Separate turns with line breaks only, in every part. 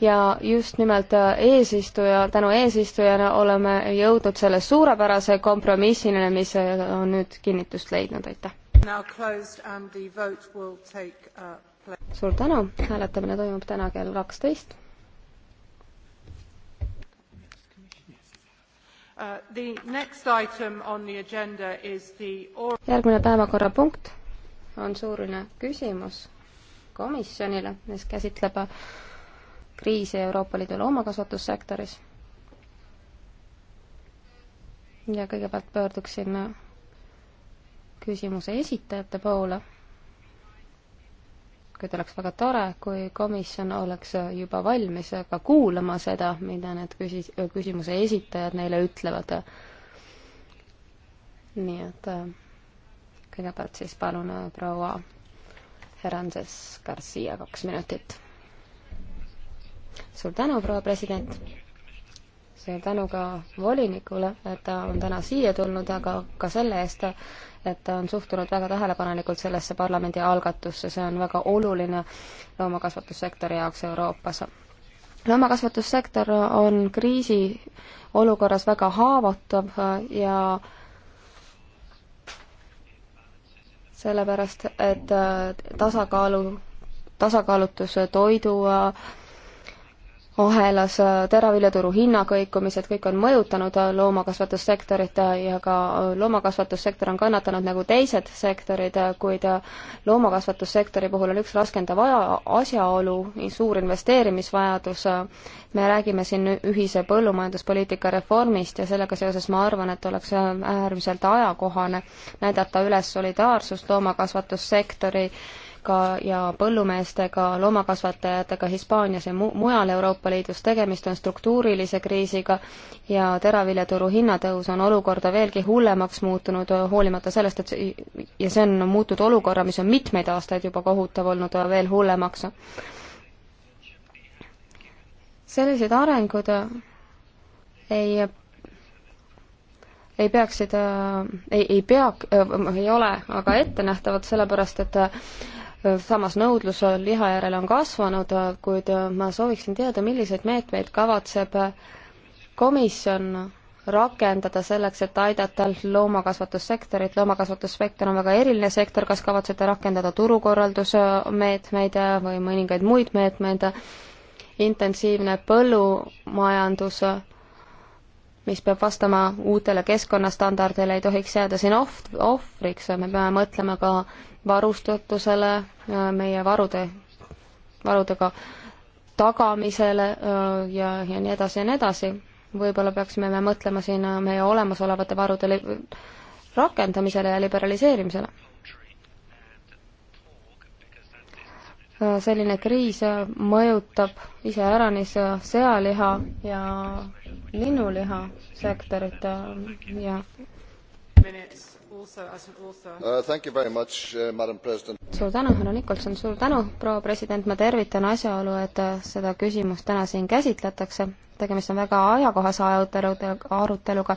ja just nimelt äh, eesistuja, tänu eesistujana oleme jõudnud selle suurepärase kompromissini, mis äh, on nüüd kinnitust leidnud, aitäh!
Uh,
suur tänu, hääletamine toimub täna kell kaksteist.
Uh, järgmine
päevakorrapunkt on suurune küsimus komisjonile, mis käsitleb kriisi Euroopa Liidu loomakasvatussektoris. ja kõigepealt pöörduksin küsimuse esitajate poole. kuid oleks väga tore, kui komisjon oleks juba valmis ka kuulama seda, mida need küsis-, küsimuse esitajad neile ütlevad. nii et kõigepealt siis palun proua Herandes Garcia kaks minutit suur tänu, proua president! suur tänu ka volinikule, et ta on täna siia tulnud, aga ka selle eest, et ta on suhtunud väga tähelepanelikult sellesse parlamendi algatusse, see on väga oluline loomakasvatussektori jaoks Euroopas. loomakasvatussektor on kriisiolukorras väga haavatav ja sellepärast, et tasakaalu, tasakaalutus toidu ahelas, äh, teraviljaturu hinnakõikumised, kõik on mõjutanud äh, loomakasvatussektorit äh, ja ka loomakasvatussektor on kannatanud nagu teised sektorid, kuid loomakasvatussektori puhul on üks raskendav aja, asjaolu, suur investeerimisvajadus. me räägime siin ühise põllumajanduspoliitika reformist ja sellega seoses ma arvan, et oleks äärmiselt ajakohane näidata üles solidaarsust loomakasvatussektori omanikega ja põllumeestega, loomakasvatajatega Hispaanias ja mu-, mujal Euroopa Liidus, tegemist on struktuurilise kriisiga ja teraviljaturu hinnatõus on olukorda veelgi hullemaks muutunud, hoolimata sellest, et see, ja see on muutnud olukorra, mis on mitmeid aastaid juba kohutav olnud, veel hullemaks. sellised arengud ei ei peaksid, ei, ei pea, ei ole aga ettenähtavad, sellepärast et samas nõudlus liha järele on kasvanud, kuid ma sooviksin teada, milliseid meetmeid kavatseb komisjon rakendada selleks, et aidata loomakasvatussektorit, loomakasvatussektor on väga eriline sektor, kas kavatsete rakendada turukorraldusmeetmeid või mõningaid muid meetmeid, intensiivne põllumajandus, mis peab vastama uutele keskkonnastandardile, ei tohiks jääda siin ohv-, ohvriks, me peame mõtlema ka varustatusele, meie varude, varudega tagamisele ja, ja nii edasi ja nii edasi. võib-olla peaksime me mõtlema siin meie olemasolevate varude rakendamisele ja liberaliseerimisele. selline kriis mõjutab iseäranis sealiha ja linnuliha sektorit ja
minutes. Uh, uh, suur tänu,
härra Nicholson, suur tänu, proua president, ma tervitan asjaolu, et uh, seda küsimust täna siin käsitletakse. tegemist on väga ajakohase arutelude, aruteluga.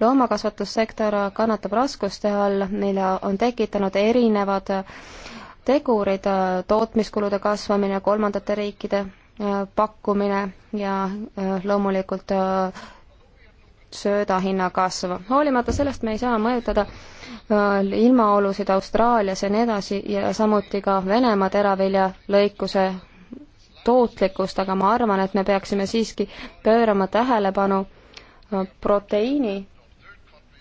loomakasvatussektor kannatab raskuste all, mille on tekitanud erinevad tegurid, tootmiskulude kasvamine, kolmandate riikide pakkumine ja loomulikult söödahinna kasvu. hoolimata sellest me ei saa mõjutada äh, ilmaolusid Austraalias ja nii edasi ja samuti ka Venemaa teraviljalõikuse tootlikkust, aga ma arvan, et me peaksime siiski pöörama tähelepanu äh, proteiini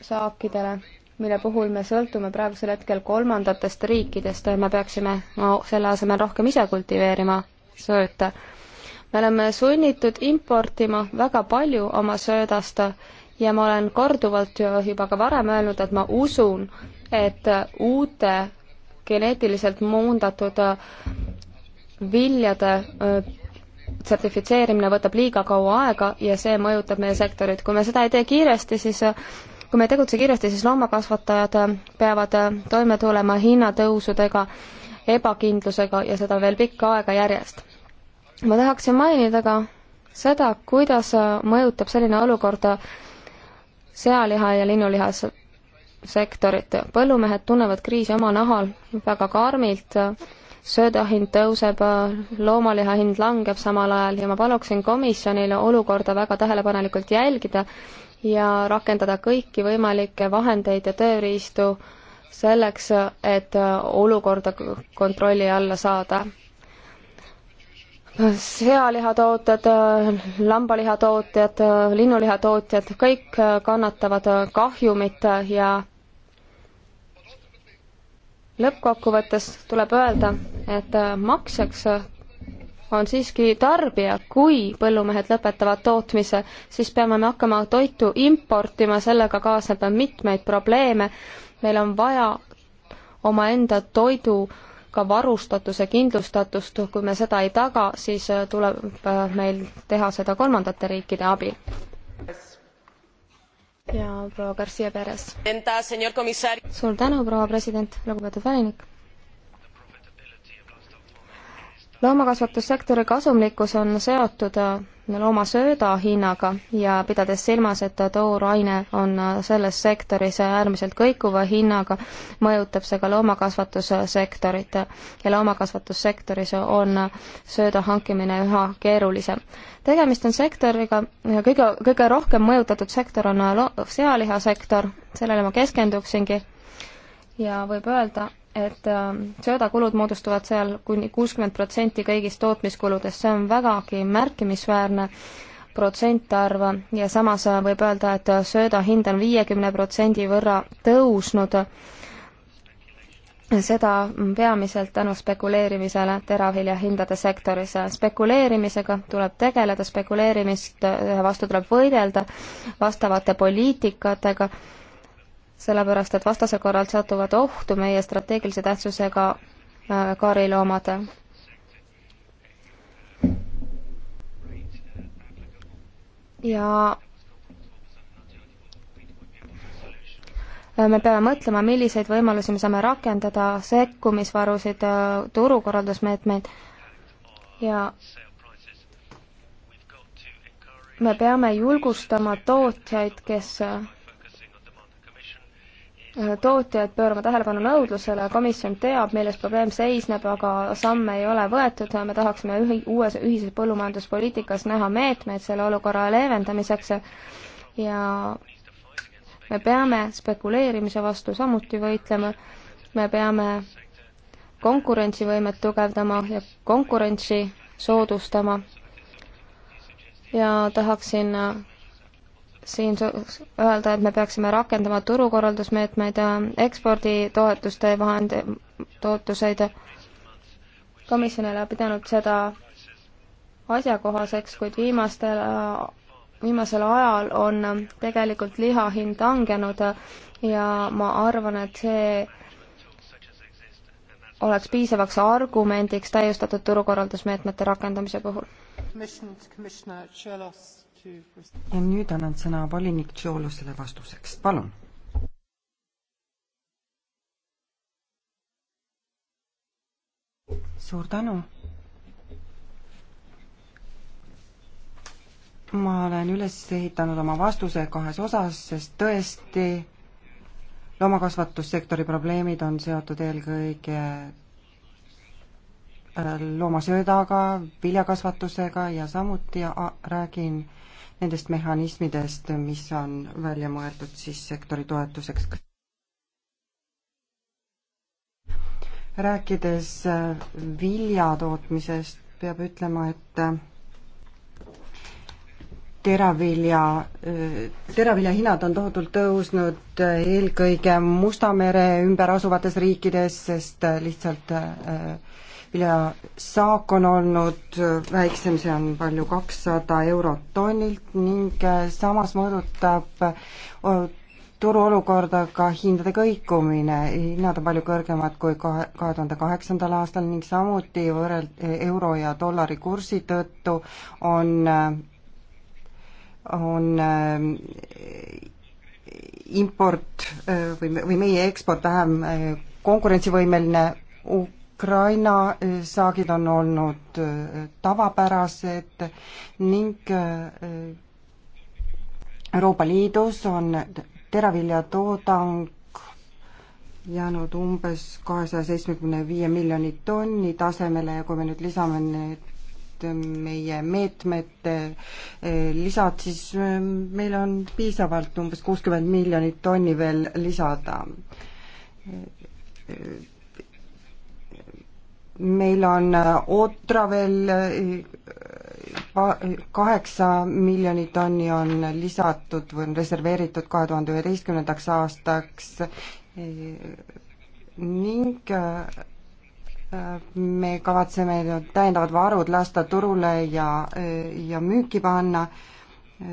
saakidele, mille puhul me sõltume praegusel hetkel kolmandatest riikidest, me peaksime no, selle asemel rohkem ise kultiveerima sööta. me oleme sunnitud importima väga palju oma söödast ja ma olen korduvalt juba ka varem öelnud, et ma usun, et uute geneetiliselt muundatud äh, viljade äh, sertifitseerimine võtab liiga kaua aega ja see mõjutab meie sektorit. kui me seda ei tee kiiresti, siis äh, kui me ei tegutse kiiresti, siis loomakasvatajad peavad toime tulema hinnatõusudega, ebakindlusega ja seda veel pikka aega järjest. ma tahaksin mainida ka seda, kuidas mõjutab selline olukord sealiha ja linnuliha sektorit. põllumehed tunnevad kriisi oma nahal väga karmilt, söödahind tõuseb, loomaliha hind langeb samal ajal ja ma paluksin komisjonile olukorda väga tähelepanelikult jälgida ja rakendada kõiki võimalikke vahendeid ja tööriistu selleks, et olukorda kontrolli alla saada sealihatootjad, lambalihatootjad, linnulihatootjad, kõik kannatavad kahjumit ja lõppkokkuvõttes tuleb öelda, et maksjaks on siiski tarbija, kui põllumehed lõpetavad tootmise, siis peame me hakkama toitu importima, sellega kaasneb mitmeid probleeme. meil on vaja omaenda toidu äh, ka varustatuse kindlustatust, kui me seda ei taga, siis äh, tuleb äh, meil teha seda kolmandate riikide abil. ja proua Garcia Perez. suur tänu, proua president, lugupeetud valinik loomakasvatussektori kasumlikkus on seotud äh, loomasööda hinnaga ja pidades silmas, et tooraine on äh, selles sektoris äärmiselt kõikuva hinnaga, mõjutab see ka loomakasvatussektorit ja loomakasvatussektoris on äh, sööda hankimine üha keerulisem. tegemist on sektoriga, kõige, kõige rohkem mõjutatud sektor on sealihasektor, sellele ma keskenduksingi ja võib öelda, et äh, söödakulud moodustavad seal kuni kuuskümmend protsenti kõigist tootmiskuludest, see on vägagi märkimisväärne protsentarv ja samas äh, võib öelda, et äh, sööda hind on viiekümne protsendi võrra tõusnud, seda peamiselt tänu spekuleerimisele teravilja hindade sektoris. spekuleerimisega tuleb tegeleda, spekuleerimist vastu tuleb võidelda vastavate poliitikatega sellepärast et vastasel korral satuvad ohtu meie strateegilise tähtsusega äh, kariloomad. ja me peame mõtlema, milliseid võimalusi me saame rakendada, sekkumisvarusid, äh, turukorraldusmeetmeid ja me peame julgustama tootjaid, kes äh, tootjad pöörama tähelepanu nõudlusele, komisjon teab, milles probleem seisneb, aga samme ei ole võetud, me tahaksime ühi-, uues ühises põllumajanduspoliitikas näha meetmeid selle olukorra leevendamiseks ja me peame spekuleerimise vastu samuti võitlema, me peame konkurentsivõimet tugevdama ja konkurentsi soodustama ja tahaksin siin öelda, et me peaksime rakendama turukorraldusmeetmeid, eksporditoetuste vahend-, toetuseid. komisjon ei ole pidanud seda asjakohaseks, kuid viimastel, viimasel ajal on tegelikult liha hind langenud ja ma arvan, et see oleks piisavaks argumendiks täiustatud turukorraldusmeetmete rakendamise puhul
ja nüüd annan sõna volinik Tšoolusele vastuseks, palun. suur tänu. ma olen üles ehitanud oma vastuse kahes osas, sest tõesti loomakasvatussektori probleemid on seotud eelkõige äh, loomasöödaga, viljakasvatusega ja samuti räägin nendest mehhanismidest, mis on välja mõeldud siis sektori toetuseks. rääkides äh, viljatootmisest, peab ütlema, et teravilja, äh, teravilja hinnad on tohutult tõusnud äh, eelkõige Musta mere ümber asuvates riikides, sest lihtsalt äh, viljasaak on olnud väiksem, see on palju kakssada eurot tonnilt ning äh, samas mõõdutab äh, turuolukorda ka hindade kõikumine, hinnad on palju kõrgemad kui kahe, kahe tuhande kaheksandal aastal ning samuti võrreld-, euro ja dollari kursi tõttu on, äh, on import või, või meie eksport vähem konkurentsivõimeline Ukraina saagid on olnud äh, tavapärased ning äh, äh, Euroopa Liidus on teraviljatoodang jäänud umbes kahesaja seitsmekümne viie miljoni tonni tasemele ja kui me nüüd lisame need meie meetmete lisad, siis meil on piisavalt umbes kuuskümmend miljonit tonni veel lisada meil on äh, Otravel äh, kaheksa miljonit tonni on lisatud või on reserveeritud kahe tuhande üheteistkümnendaks aastaks äh, ning me kavatseme täiendavad varud lasta turule ja, ja müüki panna.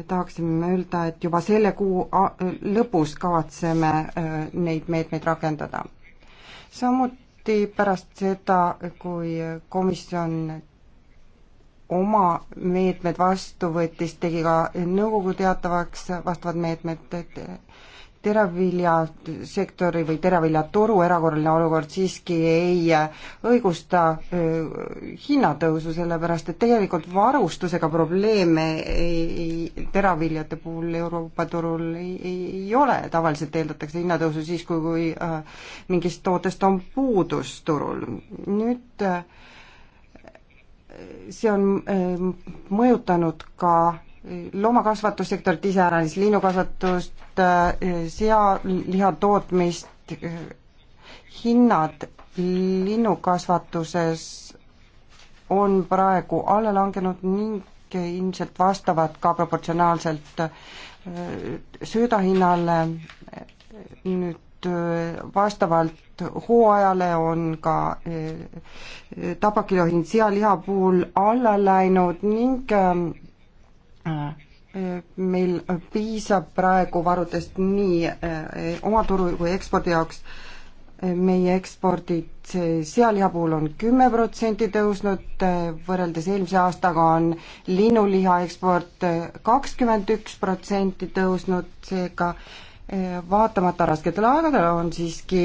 tahaksime öelda, et juba selle kuu lõpus kavatseme neid meetmeid rakendada. samuti samuti pärast seda, kui komisjon oma meetmed vastu võttis, tegi ka nõukogu teatavaks vastavad meetmed, teraviljasektori või teraviljaturu erakorraline olukord siiski ei õigusta hinnatõusu, sellepärast et tegelikult varustusega probleeme teraviljade puhul Euroopa turul ei, ei, ei ole, tavaliselt eeldatakse hinnatõusu siis, kui, kui äh, mingist tootest on puudus turul. nüüd äh, see on äh, mõjutanud ka loomakasvatussektorit iseäranis, liinukasvatust, äh, sealiha tootmist, äh, hinnad linnukasvatuses on praegu alla langenud ning ilmselt vastavad ka proportsionaalselt äh, söödahinnale. nüüd vastavalt hooajale on ka tabakilohind sealiha puhul alla läinud ning ähm, meil piisab praegu varudest nii eh, oma turu kui ekspordi jaoks. meie ekspordid eh, sealiha puhul on kümme protsenti tõusnud, eh, võrreldes eelmise aastaga on linnuliha eksport kakskümmend üks protsenti tõusnud, seega vaatamata rasketele aegadele on siiski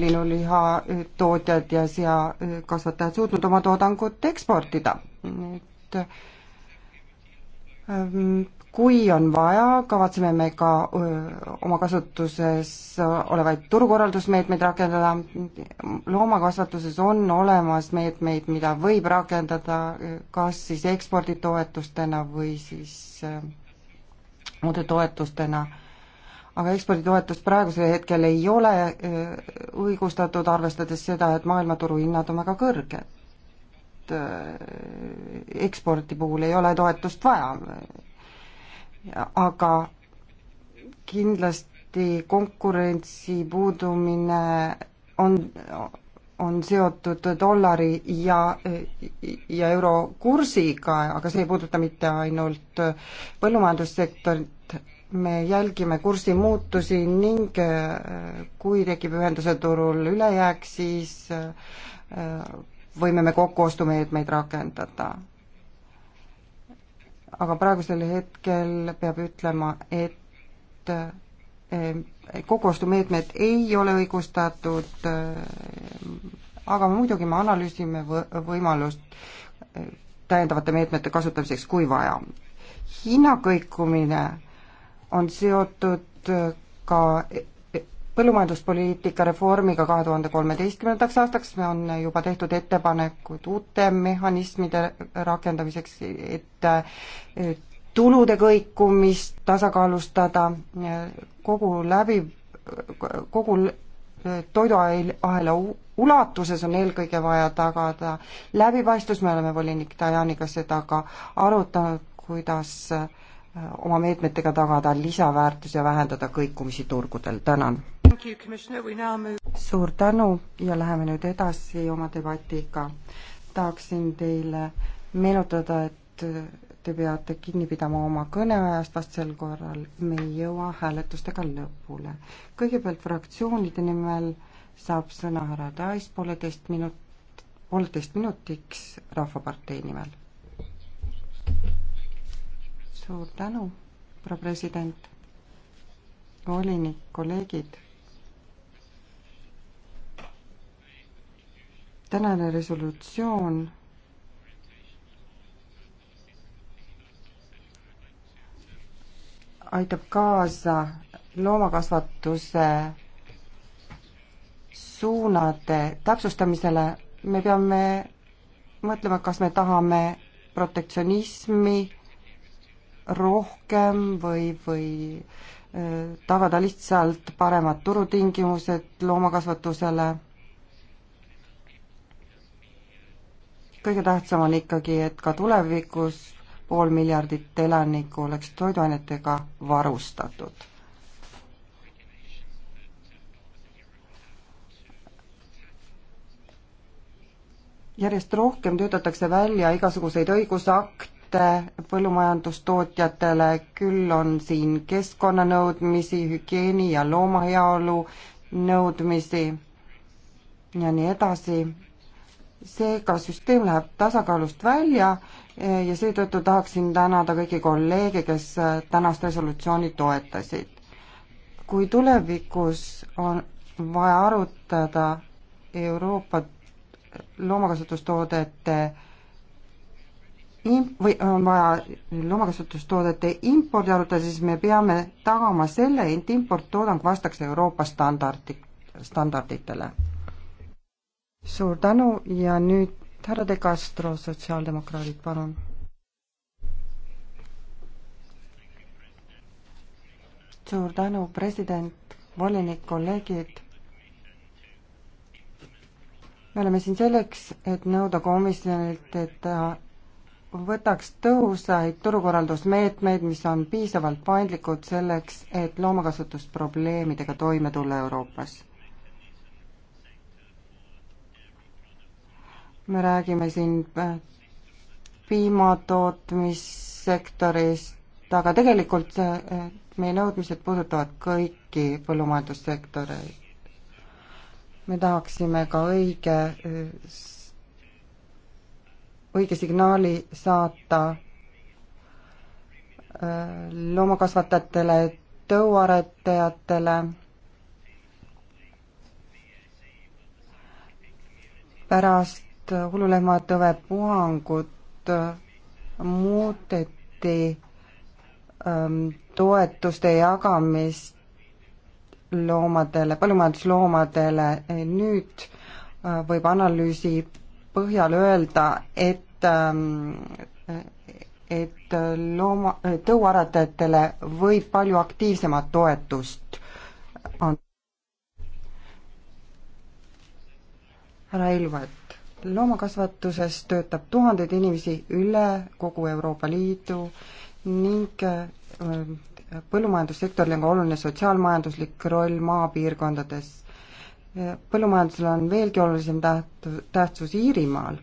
linnuliha tootjad ja seakasvatajad suutnud oma toodangut eksportida. et kui on vaja, kavatseme me ka öö, oma kasutuses olevaid turukorraldusmeetmeid rakendada, loomakasvatuses on olemas meetmeid, mida võib rakendada kas siis eksporditoetustena või siis muude toetustena, aga eksporditoetust praegusel hetkel ei ole öö, õigustatud, arvestades seda, et maailmaturu hinnad on väga kõrged Äh, ekspordi puhul ei ole toetust vaja. aga kindlasti konkurentsi puudumine on, on seotud dollari ja, ja euro kursiga, aga see ei puuduta mitte ainult põllumajandussektorit, me jälgime kursi muutusi ning äh, kui tekib ühenduse turul ülejääk, siis äh, võime me kokkuostumeetmeid rakendada. aga praegusel hetkel peab ütlema, et eh, kokkuostumeetmed ei ole õigustatud, eh, aga muidugi me analüüsime võimalust eh, täiendavate meetmete kasutamiseks, kui vaja. hinnakõikumine on seotud ka põllumajanduspoliitika reformiga kahe tuhande kolmeteistkümnendaks aastaks on juba tehtud ettepanekud uute mehhanismide rakendamiseks, et tulude kõikumist tasakaalustada, kogu läbi, kogu toiduahela ulatuses on eelkõige vaja tagada läbipaistvus, me oleme volinik Dajaniga seda ka arutanud, kuidas oma meetmetega tagada lisaväärtus ja vähendada kõikumisi turgudel, tänan suur tänu ja läheme nüüd edasi oma debatiga. tahaksin teile meenutada, et te peate kinni pidama oma kõneajast, vastasel korral me ei jõua hääletustega lõpule. kõigepealt fraktsioonide nimel saab sõna härra Tais pooleteist minut, poolteist minutiks Rahvapartei nimel. suur tänu, proua president, volinik, kolleegid tänane resolutsioon aitab kaasa loomakasvatuse suunade täpsustamisele, me peame mõtlema, kas me tahame protektsionismi rohkem või, või äh, tagada lihtsalt paremad turutingimused loomakasvatusele kõige tähtsam on ikkagi, et ka tulevikus pool miljardit elanikku oleks toiduainetega varustatud. järjest rohkem töötatakse välja igasuguseid õigusakte põllumajandustootjatele, küll on siin keskkonnanõudmisi, hügieeni ja loomaheaolu nõudmisi ja nii edasi seega süsteem läheb tasakaalust välja eh, ja seetõttu tahaksin tänada kõiki kolleege, kes eh, tänast resolutsiooni toetasid. kui tulevikus on vaja arutada Euroopa loomakasutustoodete imp-, või on vaja loomakasutustoodete impordi arutada, siis me peame tagama selle, et importtoodang vastaks Euroopa standardi, standarditele suur tänu ja nüüd härra De Castro, sotsiaaldemokraadid, palun. suur tänu, president, volinik, kolleegid. me oleme siin selleks, et nõuda komisjonilt, et ta võtaks tõhusaid turukorraldusmeetmeid, mis on piisavalt paindlikud selleks, et loomakasvatusprobleemidega toime tulla Euroopas me räägime siin äh, piimatootmissektorist, aga tegelikult äh, meie nõudmised puudutavad kõiki põllumajandussektoreid. me tahaksime ka õige, äh, õige signaali saata loomakasvatajatele, tõuaretajatele pärast hullulehmatõve puhangut muudeti ähm, toetuste jagamist loomadele, põllumajandusloomadele, nüüd äh, võib analüüsi põhjal öelda, et ähm, et looma, tõuaretajatele võib palju aktiivsemat toetust anda. härra Ilvet loomakasvatuses töötab tuhandeid inimesi üle kogu Euroopa Liidu ning äh, põllumajandussektoril on ka oluline sotsiaalmajanduslik roll maapiirkondades. Äh, põllumajandusel on veelgi olulisem täht-, tähtsus Iirimaal.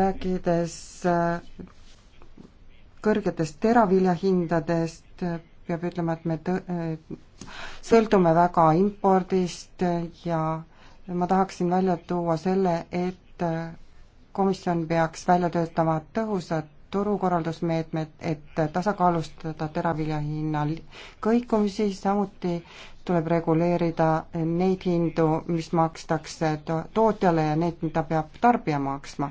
rääkides äh, kõrgetest teraviljahindadest, peab ütlema, et me tõ-, sõltume väga impordist ja äh, ma tahaksin välja tuua selle, et komisjon peaks välja töötama tõhusad turukorraldusmeetmed, et tasakaalustada teravilja hinna kõikumisi, samuti tuleb reguleerida neid hindu, mis makstakse tootjale ja need, mida peab tarbija maksma.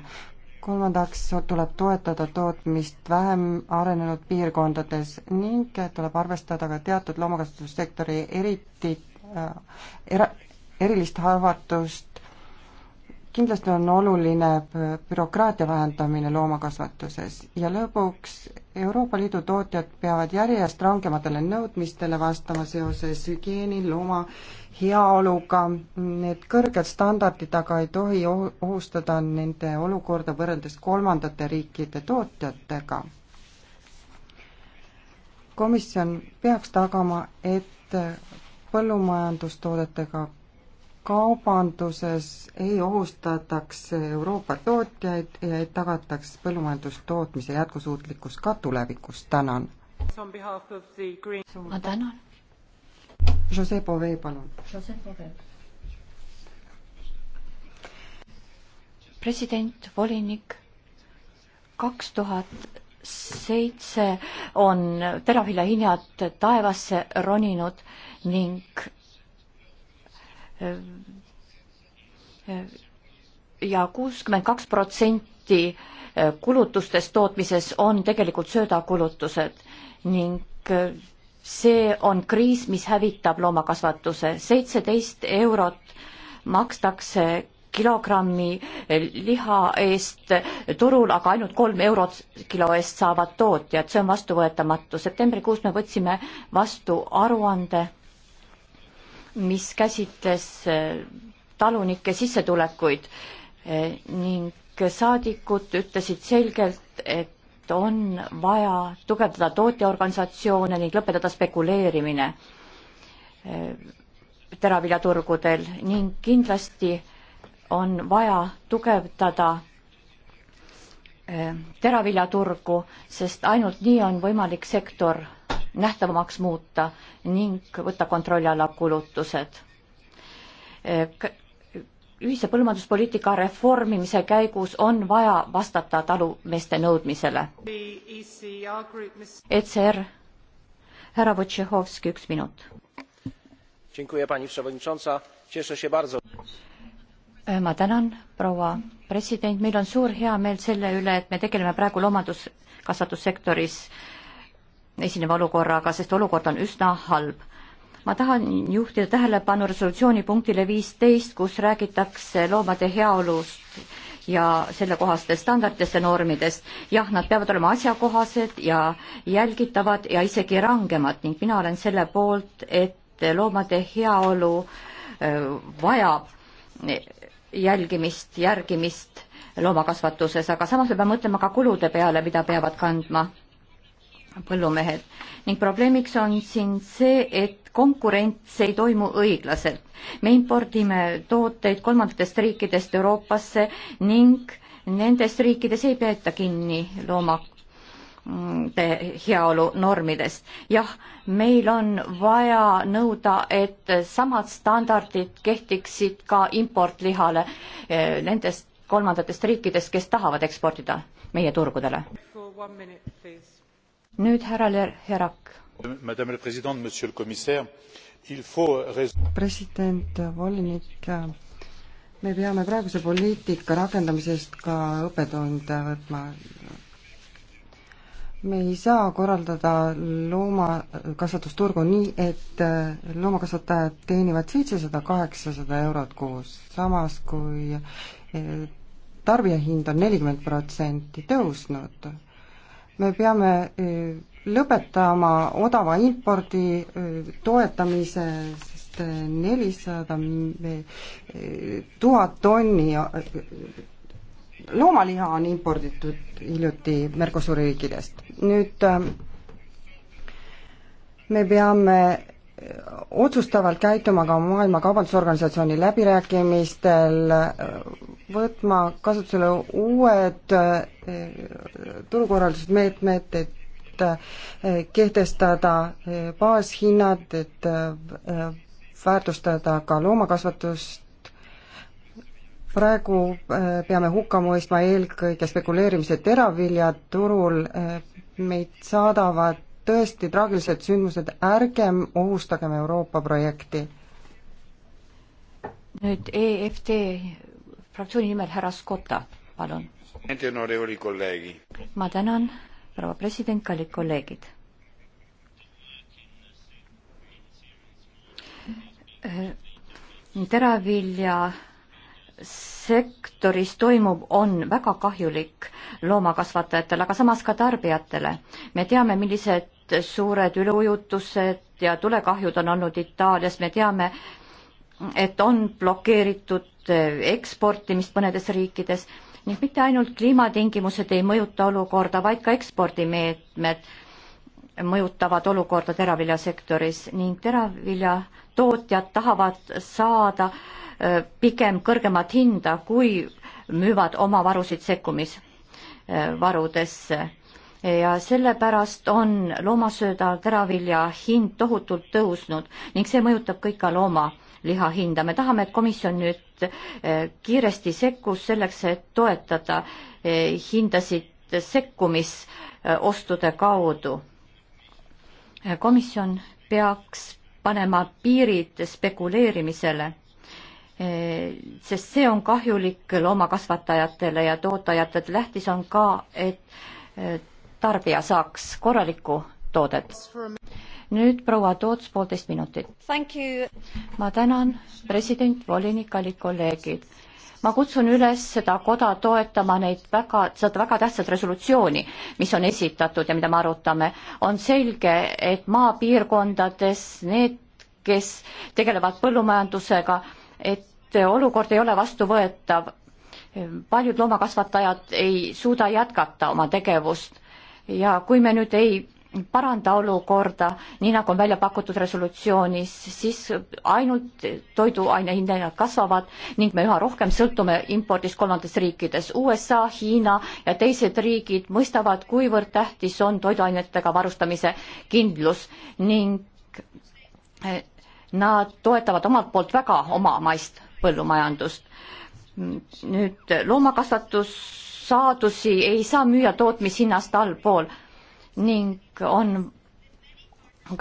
kolmandaks tuleb toetada tootmist vähem arenenud piirkondades ning tuleb arvestada ka teatud loomakasvatussektori eriti äh, era-, erilist haavatust. kindlasti on oluline bürokraatia vähendamine loomakasvatuses ja lõpuks Euroopa Liidu tootjad peavad järjest rangematele nõudmistele vastama seoses hügieeni, looma heaoluga, need kõrged standardid aga ei tohi ohustada nende olukorda võrreldes kolmandate riikide tootjatega. komisjon peaks tagama, et põllumajandustoodetega kaubanduses ei ohustataks Euroopa tootjaid ja et tagataks põllumajandustootmise jätkusuutlikkus ka tulevikus. tänan. ma tänan. Jose Bove, palun.
president, volinik, kaks tuhat seitse on teravilja hinnad taevasse roninud ning ja kuuskümmend kaks protsenti kulutustest tootmises on tegelikult söödakulutused ning see on kriis, mis hävitab loomakasvatuse. seitseteist eurot makstakse kilogrammi liha eest turul, aga ainult kolm eurot kilo eest saavad tootjad, see on vastuvõetamatu. septembrikuus me võtsime vastu aruande mis käsitles eh, talunike sissetulekuid eh, ning saadikud ütlesid selgelt, et on vaja tugevdada tootjaorganisatsioone ning lõpetada spekuleerimine eh, teraviljaturgudel ning kindlasti on vaja tugevdada teraviljaturgu, sest ainult nii on võimalik sektor nähtavamaks muuta ning võtta kontrolli alla kulutused. ühise põllumajanduspoliitika reformimise käigus on vaja vastata talumeeste nõudmisele. ECR, härra Wojciechowski, üks minut. ma tänan, proua president, meil on suur heameel selle üle, et me tegeleme praegu loomanduskasvatussektoris äh, esineva olukorraga, sest olukord on üsna halb. ma tahan juhtida tähelepanu resolutsiooni punktile viisteist, kus räägitakse loomade heaolust ja sellekohastest standarditest ja normidest. jah, nad peavad olema asjakohased ja jälgitavad ja isegi rangemad ning mina olen selle poolt, et loomade heaolu äh, vajab jälgimist, järgimist loomakasvatuses, aga samas me peame mõtlema ka kulude peale, mida peavad kandma põllumehed ning probleemiks on siin see, et konkurents ei toimu õiglaselt. me impordime tooteid kolmandatest riikidest Euroopasse ning nendes riikides ei peeta kinni loomade heaolu normidest. jah, meil on vaja nõuda, et samad standardid kehtiksid ka importlihale eh, nendest kolmandatest riikidest, kes tahavad eksportida meie turgudele
nüüd härra Lerak. president, volinik, me peame praeguse poliitika rakendamisest ka õppetunde võtma. me ei saa korraldada loomakasvatusturgu nii, et loomakasvatajad teenivad seitsesada, kaheksasada eurot kuus, samas kui tarbijahind on nelikümmend protsenti tõusnud me peame e, lõpetama odava impordi e, toetamise, sest e, nelisada tuhat tonni loomaliha on imporditud hiljuti Mercosuri riikidest. nüüd me peame otsustavalt käituma ka Maailma Kaubandusorganisatsiooni läbirääkimistel, võtma kasutusele uued eh, turukorraldusmeetmed, et eh, kehtestada eh, baashinnad, et väärtustada ka loomakasvatust, praegu peame hukka mõistma eelkõige spekuleerimise teraviljaturul, meid saadavad tõesti traagilised sündmused, ärgem ohustagem Euroopa projekti.
nüüd EFT fraktsiooni nimel härra Skotta, palun. ma tänan, proua president, kallid kolleegid. teravilja sektoris toimub, on väga kahjulik loomakasvatajatele, aga samas ka tarbijatele. me teame, millised suured üleujutused ja tulekahjud on olnud Itaalias, me teame, et on blokeeritud eksportimist mõnedes riikides ning mitte ainult kliimatingimused ei mõjuta olukorda, vaid ka ekspordimeetmed mõjutavad olukorda teraviljasektoris ning teraviljatootjad tahavad saada äh, pigem kõrgemat hinda, kui müüvad oma varusid sekkumisvarudesse ja sellepärast on loomasööda teravilja hind tohutult tõusnud ning see mõjutab kõik ka loomaliha hinda. me tahame, et komisjon nüüd eh, kiiresti sekkus selleks, et toetada eh, hindasid sekkumisostude eh, kaudu. komisjon peaks panema piirid spekuleerimisele, sest see on kahjulik loomakasvatajatele ja tootjatele. tähtis on ka, et tarbija saaks korralikku toodet. nüüd proua Toots, poolteist minutit. ma tänan, president, volinik, kallid kolleegid. ma kutsun üles seda koda toetama neid väga, seda väga tähtsat resolutsiooni, mis on esitatud ja mida me arutame. on selge, et maapiirkondades need, kes tegelevad põllumajandusega, et olukord ei ole vastuvõetav. paljud loomakasvatajad ei suuda jätkata oma tegevust ja kui me nüüd ei paranda olukorda, nii nagu on välja pakutud resolutsioonis, siis ainult toiduaine hinnad kasvavad ning me üha rohkem sõltume impordist kolmandates riikides. USA, Hiina ja teised riigid mõistavad, kuivõrd tähtis on toiduainetega varustamise kindlus ning eh, nad toetavad omalt poolt väga omamaist põllumajandust. nüüd loomakasvatus saadusi ei saa müüa tootmishinnast allpool ning on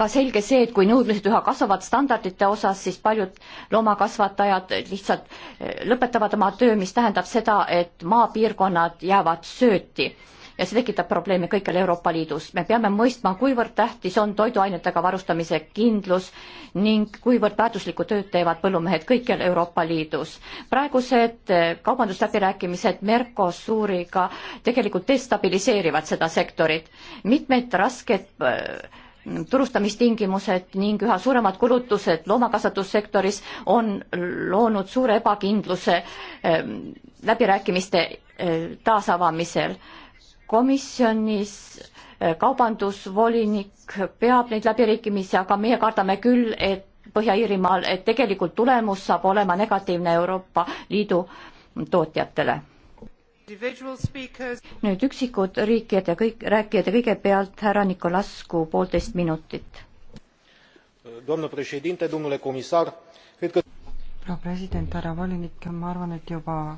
ka selge see, et kui nõudmised üha kasvavad standardite osas, siis paljud loomakasvatajad lihtsalt eh, lõpetavad oma töö, mis tähendab seda, et maapiirkonnad jäävad sööti ja see tekitab probleeme kõikjal Euroopa Liidus. me peame mõistma, kuivõrd tähtis on toiduainetega varustamise kindlus ning kuivõrd väärtuslikku tööd teevad põllumehed kõikjal Euroopa Liidus. praegused eh, kaubandusläbirääkimised Mercosuriga tegelikult destabiliseerivad seda sektorit. mitmed rasked eh, turustamistingimused ning üha suuremad kulutused loomakasvatussektoris on loonud suure ebakindluse eh, läbirääkimiste taasavamisel komisjonis eh, kaubandusvolinik peab neid läbirääkimisi, aga meie kardame küll, et Põhja-Iirimaal, et tegelikult tulemus saab olema negatiivne Euroopa Liidu tootjatele. nüüd üksikud riikide kõik, rääkijad ja kõigepealt härra Nikolascu poolteist minutit.
proua president, härra volinik, ma arvan, et juba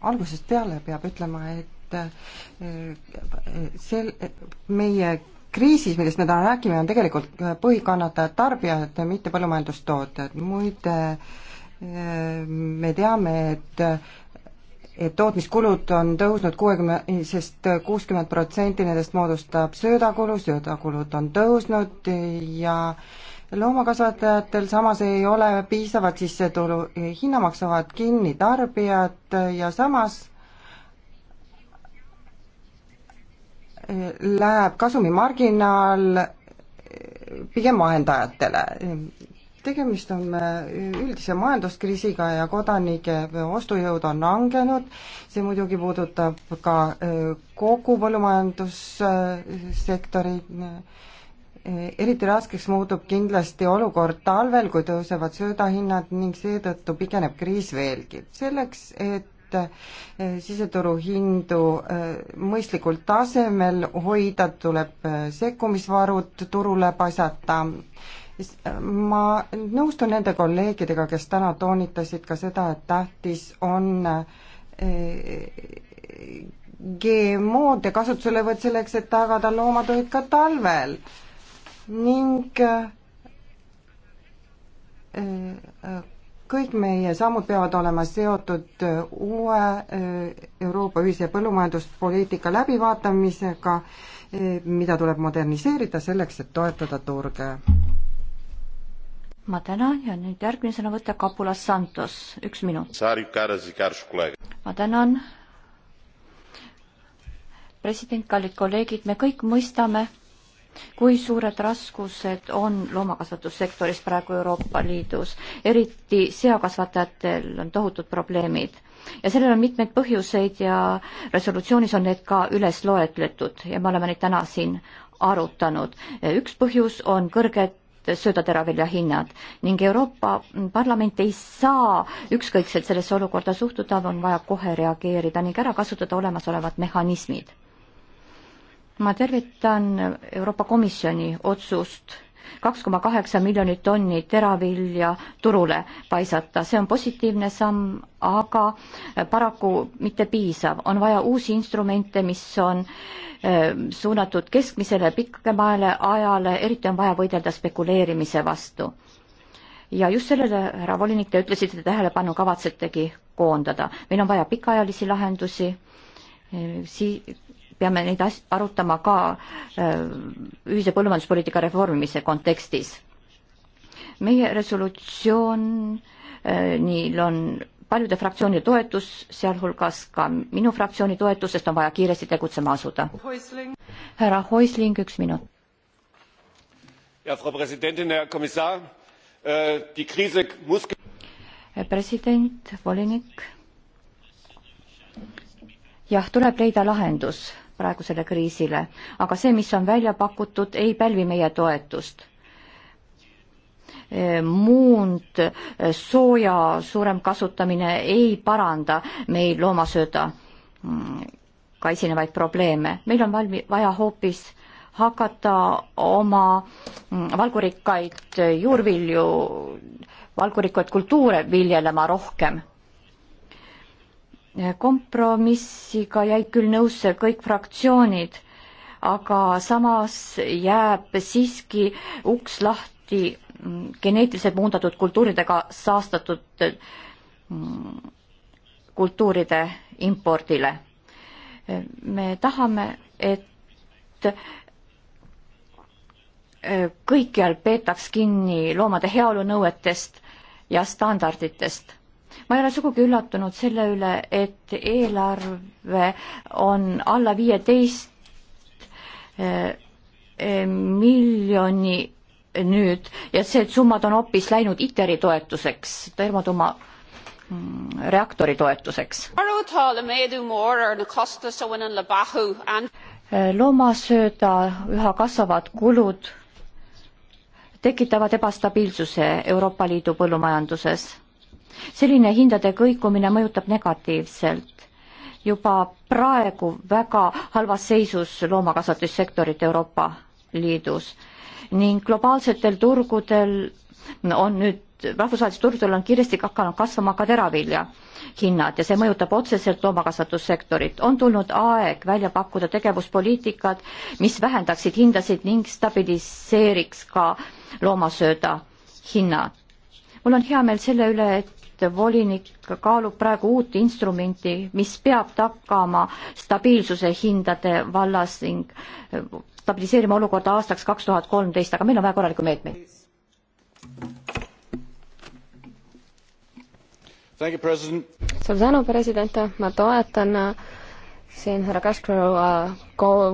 algusest peale peab ütlema, et et äh, sel, meie kriisis, millest me täna räägime, on tegelikult põhikannatajad tarbijad, mitte põllumajandustootjad. muide, äh, me teame, et et tootmiskulud on tõusnud kuuekümne, sest kuuskümmend protsenti nendest moodustab söödakulu, söödakulud on tõusnud ja loomakasvatajatel samas ei ole piisavat sissetulu, hinna maksavad kinni tarbijad ja samas läheb kasumimarginaal pigem vahendajatele. tegemist on äh, üldise majanduskriisiga ja kodanike ostujõud on langenud, see muidugi puudutab ka äh, kogu põllumajandussektori äh, eriti raskeks muutub kindlasti olukord talvel, kui tõusevad söödahinnad ning seetõttu pikeneb kriis veelgi. selleks, et et eh, siseturu hindu eh, mõistlikul tasemel hoida, tuleb eh, sekkumisvarud turule paisata. ma nõustun nende kolleegidega, kes täna toonitasid ka seda, et tähtis on GMO-de kasutuselevõtt selleks, et tagada loomatoit ka talvel ning kõik meie sammud peavad olema seotud äh, uue äh, Euroopa ühise põllumajanduspoliitika läbivaatamisega, äh, mida tuleb moderniseerida selleks, et toetada turge. ma tänan ja nüüd järgmisena võtta Kapulas Santos, üks minut.
ma tänan. president, kallid kolleegid, me kõik mõistame kui suured raskused on loomakasvatussektoris praegu Euroopa Liidus, eriti seakasvatajatel on tohutud probleemid ja sellel on mitmeid põhjuseid ja resolutsioonis on need ka üles loetletud ja me oleme neid täna siin arutanud. üks põhjus on kõrged söödateravilja hinnad ning Euroopa Parlament ei saa ükskõikselt sellesse olukorda suhtuda, on vaja kohe reageerida ning ära kasutada olemasolevad mehhanismid ma tervitan Euroopa Komisjoni otsust kaks koma kaheksa miljonit tonni teravilja turule paisata, see on positiivne samm, aga paraku mitte piisav, on vaja uusi instrumente, mis on äh, suunatud keskmisele pikemale ajale, eriti on vaja võidelda spekuleerimise vastu. ja just sellele, härra volinik, te ütlesite, tähelepanu kavatsetegi koondada, meil on vaja pikaajalisi lahendusi, äh, sii-, peame neid as-, arutama ka äh, ühise põllumajanduspoliitika reformimise kontekstis. meie resolutsioonil äh, on paljude fraktsioonide toetus, sealhulgas ka minu fraktsiooni toetus, sest on vaja kiiresti tegutsema asuda. härra Häusling, üks minut.
Frau Präsidentin, Herr Kommissar, äh, die Krise muss
president, volinik. jah, tuleb leida lahendus praegusele kriisile, aga see, mis on välja pakutud, ei pälvi meie toetust. Eh, muund, eh, sooja suurem kasutamine ei paranda meil loomasööda mm, ka esinevaid probleeme, meil on valmi-, vaja hoopis hakata oma mm, valgurikkaid eh, juurvilju, valgurikkaid kultuure viljelema rohkem kompromissiga jäid küll nõusse kõik fraktsioonid, aga samas jääb siiski uks lahti geneetiliselt muundatud kultuuridega saastatud mm, kultuuride impordile. me tahame, et äh, kõikjal peetaks kinni loomade heaolu nõuetest ja standarditest ma ei ole sugugi üllatunud selle üle, et eelarve on alla viieteist eh, eh, miljoni nüüd ja see, et summad on hoopis läinud ITER-i toetuseks, termotuma mm, reaktori toetuseks.
Eh,
loomasööda üha kasvavad kulud tekitavad ebastabiilsuse Euroopa Liidu põllumajanduses selline hindade kõikumine mõjutab negatiivselt juba praegu väga halvas seisus loomakasvatussektorit Euroopa Liidus ning globaalsetel turgudel on nüüd rahvusvahelistel turgudel on kiiresti hakanud kasvama ka teravilja hinnad ja see mõjutab otseselt loomakasvatussektorit. on tulnud aeg välja pakkuda tegevuspoliitikad, mis vähendaksid hindasid ning stabiliseeriks ka loomasööda hinnad mul on hea meel selle üle, et volinik kaalub praegu uut instrumenti, mis peab tagama stabiilsuse hindade vallas ning eh, stabiliseerima olukorda aastaks kaks tuhat kolmteist, aga meil on vaja korralikku meetmeid.
suur tänu, president, ma toetan eh, siin härra Kaskro eh,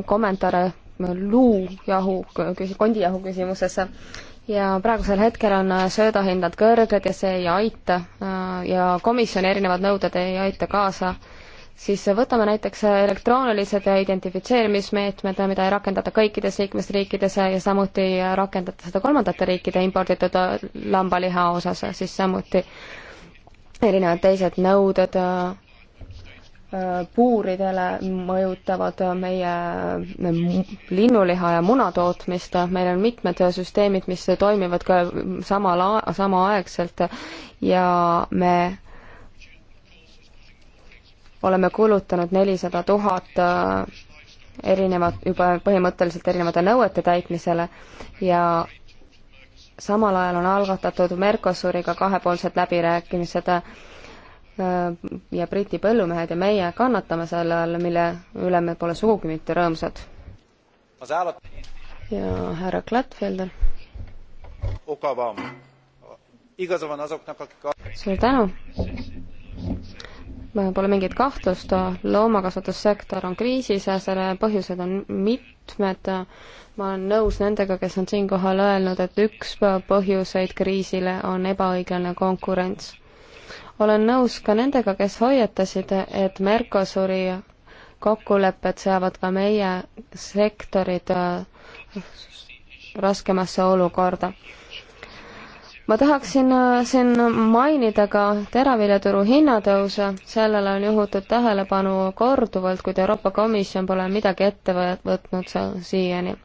kommentaare luujahu, kondijahu küsimuses ja praegusel hetkel on äh, söödahinnad kõrged ja see ei aita äh, ja komisjoni erinevad nõuded ei aita kaasa, siis äh, võtame näiteks elektroonilised identifitseerimismeetmed, mida ei rakendata kõikides liikmesriikides ja samuti rakendata seda kolmandate riikide imporditud lambaliha osas, siis samuti erinevad teised nõuded puuridele mõjutavad meie linnuliha ja muna tootmist, meil on mitmed süsteemid, mis toimivad ka samal, samaaegselt ja me oleme kulutanud nelisada tuhat äh, erinevat, juba põhimõtteliselt erinevate nõuete täitmisele ja samal ajal on algatatud Mercosuriga kahepoolsed läbirääkimised Äh, ja Briti põllumehed ja meie kannatame selle all, mille üle me pole sugugi mitte rõõmsad. ja härra Klatfelder. suur tänu. Pole mingit kahtlust, loomakasvatussektor on kriisis ja selle põhjused on mitmed. ma olen nõus nendega, kes on siinkohal öelnud, et üks põhjuseid kriisile on ebaõiglane konkurents olen nõus ka nendega, kes hoiatasid, et Mercosuri kokkulepped seavad ka meie sektorid äh, raskemasse olukorda. ma tahaksin äh, siin mainida ka teraviljaturu hinnatõuse, sellele on juhutud tähelepanu korduvalt, kuid Euroopa Komisjon pole midagi ette võtnud siiani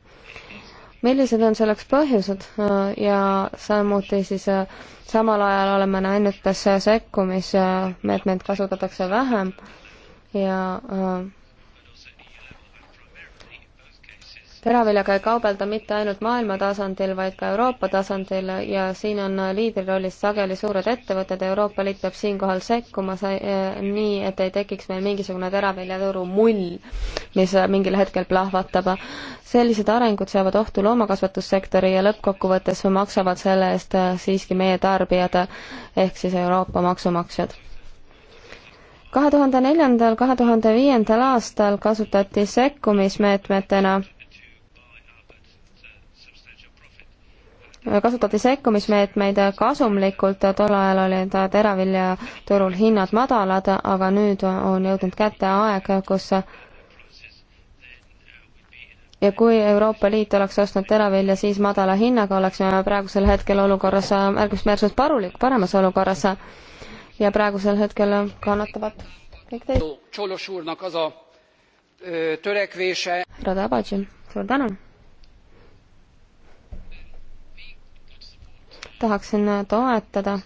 millised on selleks põhjused äh, ja samuti siis äh, samal ajal oleme näinud, kas sekkumismeetmeid kasutatakse vähem ja äh, teraviljaga ei kaubelda mitte ainult maailma tasandil, vaid ka Euroopa tasandil ja siin on liidrirollis sageli suured ettevõtted, Euroopa Liit peab siinkohal sekkuma sai, eh, nii, et ei tekiks meil mingisugune teraviljaturu mull, mis mingil hetkel plahvatab. sellised arengud seavad ohtu loomakasvatussektori ja lõppkokkuvõttes maksavad selle eest eh, siiski meie tarbijad ehk siis Euroopa maksumaksjad kahe tuhande neljandal, kahe tuhande viiendal aastal kasutati sekkumismeetmetena kasutati sekkumismeetmeid kasumlikult, tol ajal olid teraviljaturul hinnad madalad, aga nüüd on jõudnud kätte aeg, kus ja kui Euroopa Liit oleks ostnud teravilja siis madala hinnaga, oleksime praegusel hetkel olukorras märkimisväärselt parulik, paremas olukorras ja praegusel hetkel kannatavad
kõik teised.
härra Tabadžil, suur tänu! tahaksin toetada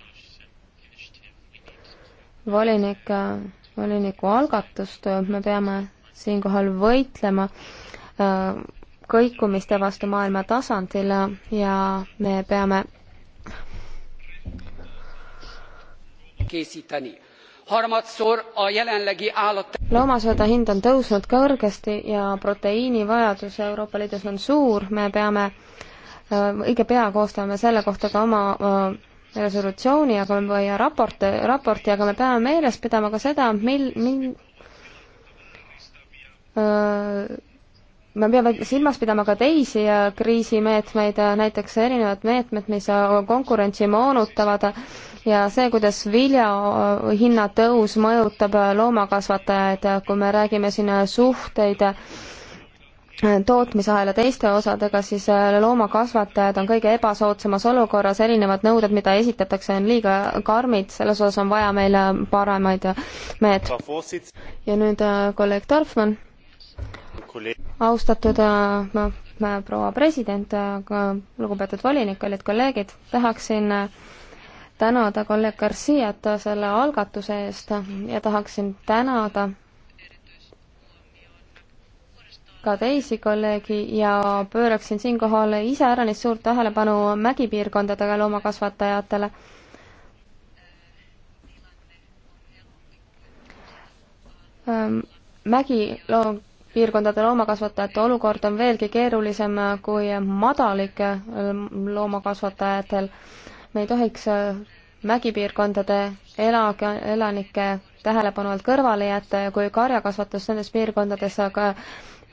volinike, voliniku algatust, me peame siinkohal võitlema äh, kõikumiste vastu maailma tasandil ja me peame
készíteni. harmadszor a jelenlegi állat.
loomasööda hind on tõusnud kõrgesti ja proteiinivajadus Euroopa Liidus on suur, me peame Äh, õige pea koostame selle kohta ka oma äh, resolutsiooni, aga me, või raport, raporti, aga me peame meeles pidama ka seda, mil, mil äh, me peame silmas pidama ka teisi kriisimeetmeid, näiteks erinevad meetmed, mis konkurentsi moonutavad ja see, kuidas vilja hinna tõus mõjutab loomakasvatajaid, kui me räägime siin suhteid tootmisahela teiste osadega, siis äh, loomakasvatajad on kõige ebasoodsamas olukorras, erinevad nõuded, mida esitatakse, on liiga karmid, selles osas on vaja meil äh, paremaid äh, meed. ja nüüd kolleeg Dorfmann. austatud proua president, lugupeetud volinik, kallid kolleegid, tahaksin tänada kolleeg Garciat selle algatuse eest ja tahaksin tänada ka teisi kolleegi ja pööraksin siinkohal iseäranis suurt tähelepanu mägipiirkondadega loomakasvatajatele. mägiloom-, piirkondade loomakasvatajate olukord on veelgi keerulisem kui madalike loomakasvatajatel. me ei tohiks mägipiirkondade ela-, elanike tähelepanu alt kõrvale jätta ja kui karjakasvatus nendes piirkondades aga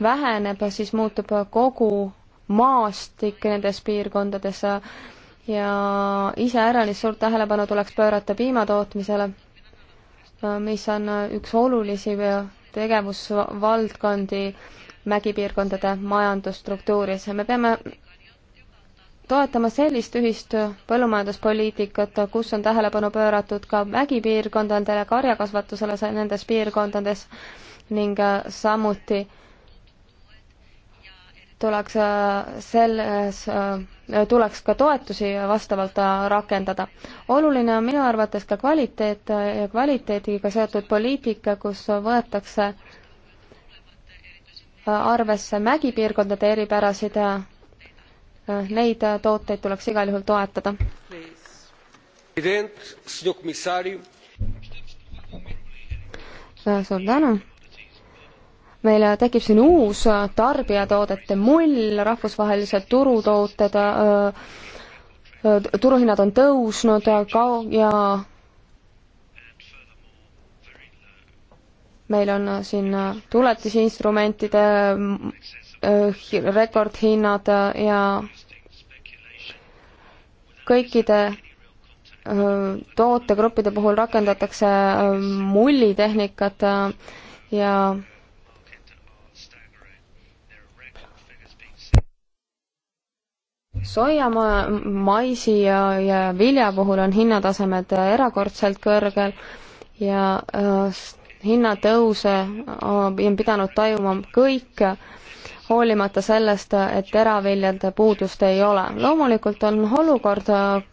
väheneb, siis muutub kogu maastik nendes piirkondades ja iseäranis suurt tähelepanu tuleks pöörata piimatootmisele, mis on üks olulisi tegevusvaldkondi mägipiirkondade majandusstruktuuris. me peame toetama sellist ühist põllumajanduspoliitikat, kus on tähelepanu pööratud ka mägipiirkondadele, karjakasvatusele nendes piirkondades ning samuti äh, tuleks äh, selles, äh, tuleks ka toetusi vastavalt äh, rakendada. oluline on minu arvates ka kvaliteet ja kvaliteediga seotud poliitika, kus võetakse arvesse mägipiirkondade eripärasid ja neid tooteid tuleks igal juhul toetada. suur tänu meil tekib siin uus tarbijatoodete mull, rahvusvahelised turutooted, turuhinnad on tõusnud kao- ja meil on siin tuletisinstrumentide rekordhinnad ja kõikide tootegruppide puhul rakendatakse mullitehnikat ja soiamaa, maisi ja, ja vilja puhul on hinnatasemed erakordselt kõrgel ja äh, hinnatõuse on pidanud tajuma kõik, hoolimata sellest, et teraviljade puudust ei ole. loomulikult on olukord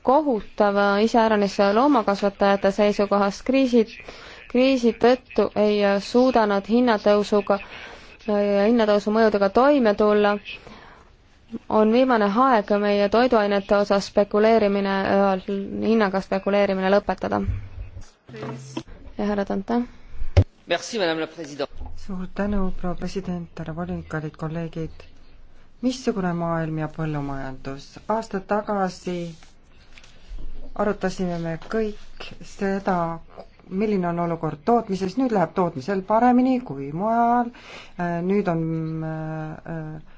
kohutav iseäranis loomakasvatajate seisukohast, kriisid, kriisi tõttu ei suuda nad hinnatõusuga, hinnatõusu mõjudega toime tulla on viimane aeg meie toiduainete osas spekuleerimine, hinnaga spekuleerimine lõpetada. ja härra Tante.
suur tänu, proua president, härra volinik, kallid kolleegid. missugune maailm ja põllumajandus? aasta tagasi arutasime me kõik seda, milline on olukord tootmises, nüüd läheb tootmisel paremini kui mujal, nüüd on äh,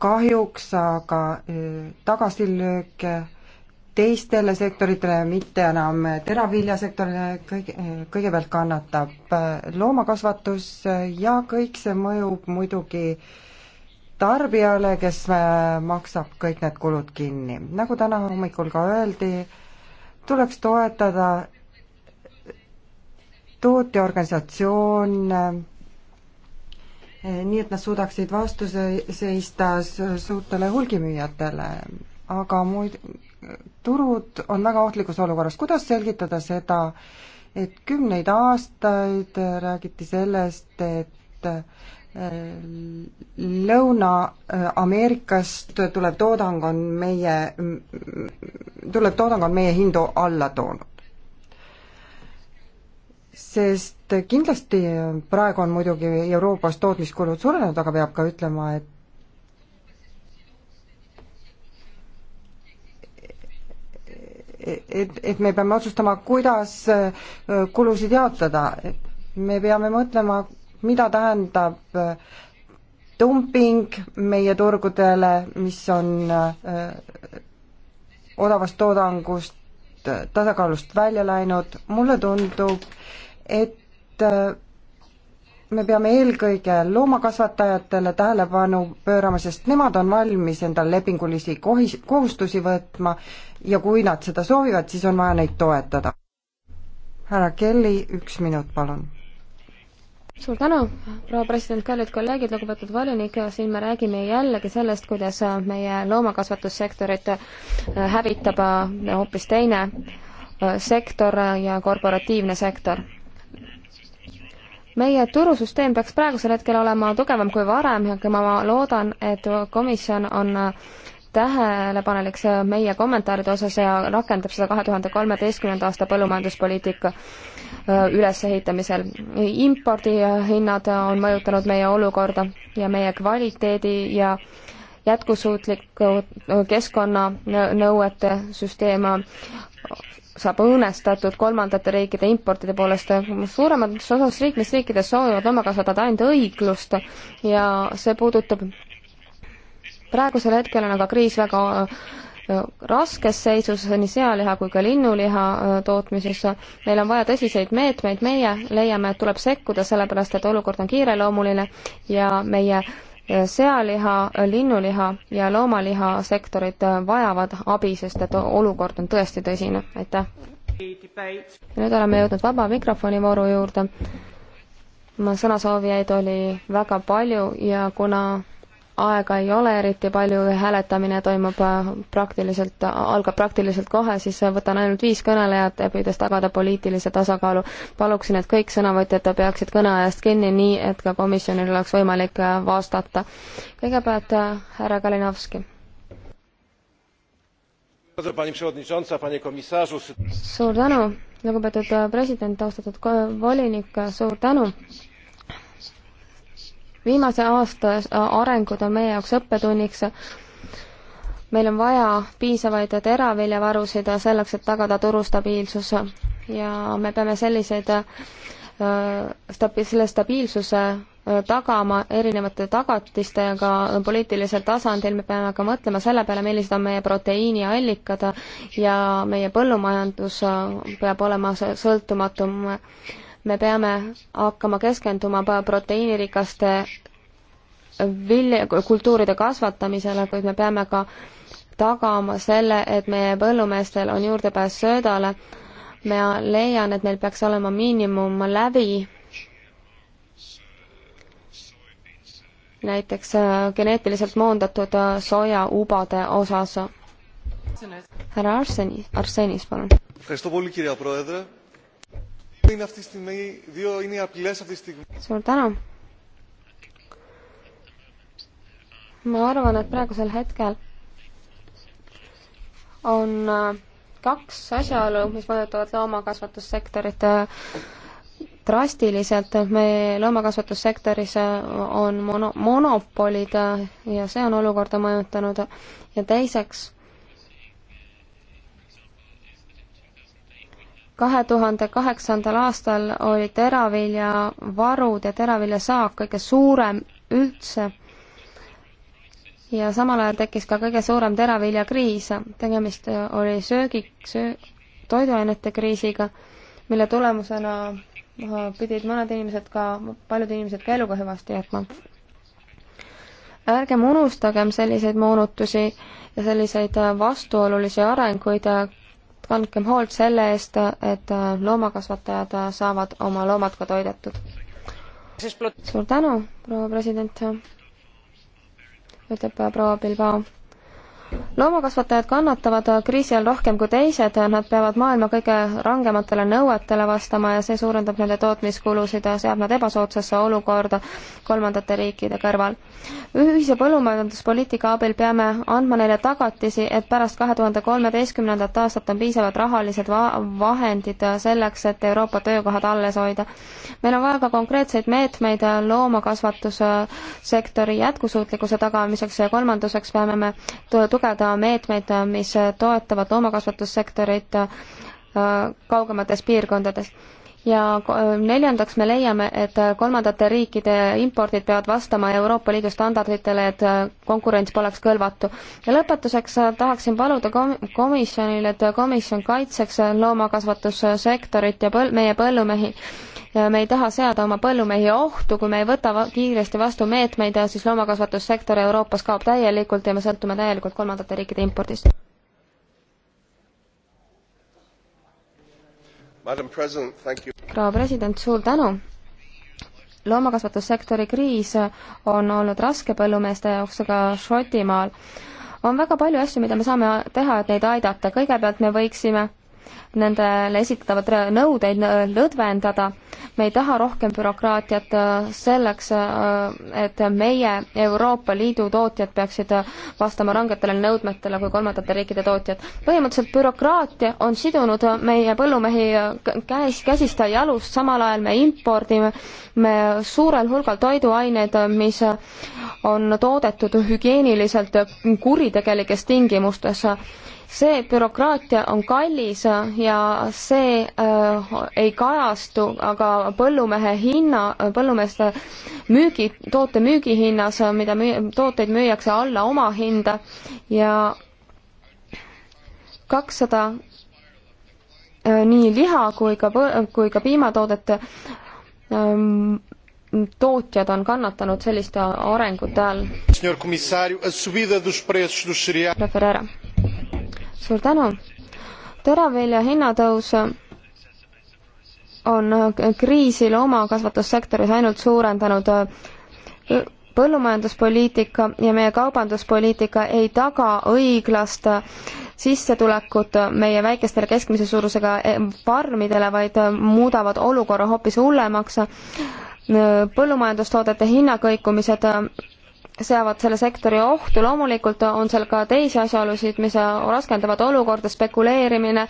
kahjuks aga tagasilööke teistele sektoritele, mitte enam teraviljasektorile, kõige, kõigepealt kannatab loomakasvatus ja kõik see mõjub muidugi tarbijale, kes maksab kõik need kulud kinni. nagu täna hommikul ka öeldi, tuleks toetada tootjaorganisatsioon, Eh, nii et nad suudaksid vastu seista suurtele hulgimüüjatele, aga muid, turud on väga ohtlikus olukorras, kuidas selgitada seda, et kümneid aastaid räägiti sellest, et eh, Lõuna-Ameerikast tulev toodang on meie, tulev toodang on meie hindu alla toonud sest kindlasti praegu on muidugi Euroopas tootmiskulud suurenenud, aga peab ka ütlema, et et, et me peame otsustama, kuidas äh, kulusid jaotada. me peame mõtlema, mida tähendab äh, dumping meie turgudele, mis on äh, odavast toodangust tasakaalust välja läinud, mulle tundub, et äh, me peame eelkõige loomakasvatajatele tähelepanu pöörama, sest nemad on valmis endale lepingulisi kohis, kohustusi võtma ja kui nad seda soovivad, siis on vaja neid toetada. härra Kelly, üks minut, palun.
suur tänu, proua president, kallid kolleegid, lugupeetud volinik, siin me räägime jällegi sellest, kuidas meie loomakasvatussektorit äh, hävitab äh, hoopis teine sektor ja korporatiivne sektor meie turusüsteem peaks praegusel hetkel olema tugevam kui varem ja ma loodan, et komisjon on äh, tähelepanelik meie kommentaaride osas ja rakendab seda kahe tuhande kolmeteistkümnenda aasta põllumajanduspoliitika äh, ülesehitamisel. impordihinnad on mõjutanud meie olukorda ja meie kvaliteedi ja jätkusuutliku keskkonnanõuete äh, süsteem saab õõnestatud kolmandate riikide importide poolest. suuremates osas liikmesriikides soovivad oma kasvatada ainult õiglust ja see puudutab, praegusel hetkel on aga kriis väga äh, raskes seisus nii sealiha kui ka linnuliha äh, tootmises. meil on vaja tõsiseid meetmeid, meie leiame, et tuleb sekkuda, sellepärast et olukord on kiireloomuline ja meie sealiha, linnuliha ja loomaliha sektorid vajavad abi, sest et olukord on tõesti tõsine, aitäh. nüüd oleme jõudnud vaba mikrofoni vooru juurde. sõnasoovijaid oli väga palju ja kuna aega ei ole eriti palju, hääletamine toimub äh, praktiliselt, algab praktiliselt kohe, siis võtan ainult viis kõnelejat, püüdes tagada poliitilise tasakaalu. paluksin, et kõik sõnavõtjad peaksid kõneajast kinni, nii et ka komisjonil oleks võimalik äh, vastata. kõigepealt äh, härra Kalinovski. suur tänu, lugupeetud president, austatud volinik, suur tänu viimase aasta arengud on meie jaoks õppetunniks. meil on vaja piisavaid teraviljavarusid selleks, et tagada turu stabiilsus ja me peame selliseid äh, stabi-, selle stabiilsuse äh, tagama erinevate tagatistega poliitilisel tasandil, me peame ka mõtlema selle peale, millised on meie proteiiniallikad ja meie põllumajandus äh, peab olema sõltumatum me peame hakkama keskenduma proteiinirikaste vilja, kultuuride kasvatamisele, kuid me peame ka tagama selle, et meie põllumeestel on juurdepääs söödale. ma leian, et neil peaks olema miinimum lävi näiteks äh, geneetiliselt moondatud äh, soojaubade osas. härra Arseni, Arsenis, palun suur tänu. ma arvan, et praegusel hetkel on äh, kaks asjaolu, mis mõjutavad loomakasvatussektorit äh, drastiliselt. me loomakasvatussektoris äh, on mono, monopolid ja see on olukorda mõjutanud ja teiseks kahe tuhande kaheksandal aastal oli teraviljavarud ja teraviljasaak kõige suurem üldse ja samal ajal tekkis ka kõige suurem teraviljakriis. tegemist oli söögi, söö-, toiduainete kriisiga, mille tulemusena äh, pidid mõned inimesed ka, paljud inimesed ka eluga hüvasti jätma. ärgem unustagem selliseid moonutusi ja selliseid äh, vastuolulisi arenguid äh, kandkem hoolt selle eest, et äh, loomakasvatajad äh, saavad oma loomad ka toidetud. suur tänu, proua president, ütleb äh, proua Bilbao loomakasvatajad kannatavad kriisi all rohkem kui teised, nad peavad maailma kõige rangematele nõuetele vastama ja see suurendab nende tootmiskulusid ja seab nad ebasoodsasse olukorda kolmandate riikide kõrval. ühise põllumajanduspoliitika abil peame andma neile tagatisi, et pärast kahe tuhande kolmeteistkümnendat aastat on piisavad rahalised va-, vahendid selleks, et Euroopa töökohad alles hoida. meil on vaja ka konkreetseid meetmeid loomakasvatussektori jätkusuutlikkuse tagamiseks ja kolmanduseks peame me lugeda meetmeid, mis toetavad loomakasvatussektorit äh, kaugemates piirkondades. ja äh, neljandaks me leiame, et äh, kolmandate riikide impordid peavad vastama Euroopa Liidu standarditele, et konkurents poleks kõlvatu. ja lõpetuseks tahaksin paluda kom-, komisjonile, et komisjon kaitseks loomakasvatussektorit ja põl-, meie põllumehi me ei taha seada oma põllumehi ohtu, kui me ei võta va kiiresti vastu meetmeid, siis loomakasvatussektor Euroopas kaob täielikult ja me sõltume täielikult kolmandate riikide impordist.
proua president,
suur tänu! loomakasvatussektori kriis on olnud raske põllumeeste jaoks ka Šotimaal. on väga palju asju, mida me saame teha, et neid aidata, kõigepealt me võiksime nendele esitatavad nõudeid lõdvendada. me ei taha rohkem bürokraatiat äh, selleks, äh, et meie Euroopa Liidu tootjad peaksid äh, vastama rangetele nõudmetele kui kolmandate riikide tootjad. põhimõtteliselt bürokraatia on sidunud meie põllumehi käes, käsist ja jalust, samal ajal me impordime me suurel hulgal toiduaineid, mis on toodetud hügieeniliselt kuritegelikes tingimustes see bürokraatia on kallis ja see äh, ei kajastu aga põllumehe hinna, põllumeeste müügi, toote müügihinnas, mida müü-, tooteid müüakse alla omahinda ja kakssada äh, nii liha kui ka, kui ka piimatoodete ähm, tootjad on kannatanud selliste arengute all. refereerime suur tänu! teravilja hinnatõus on kriisi loomakasvatussektoris ainult suurendanud põllumajanduspoliitika ja meie kaubanduspoliitika ei taga õiglast sissetulekut meie väikestele keskmise suurusega farmidele, vaid muudavad olukorra hoopis hullemaks. põllumajandustoodete hinnakõikumised seavad selle sektori ohtu, loomulikult on seal ka teisi asjaolusid, mis raskendavad olukorda, spekuleerimine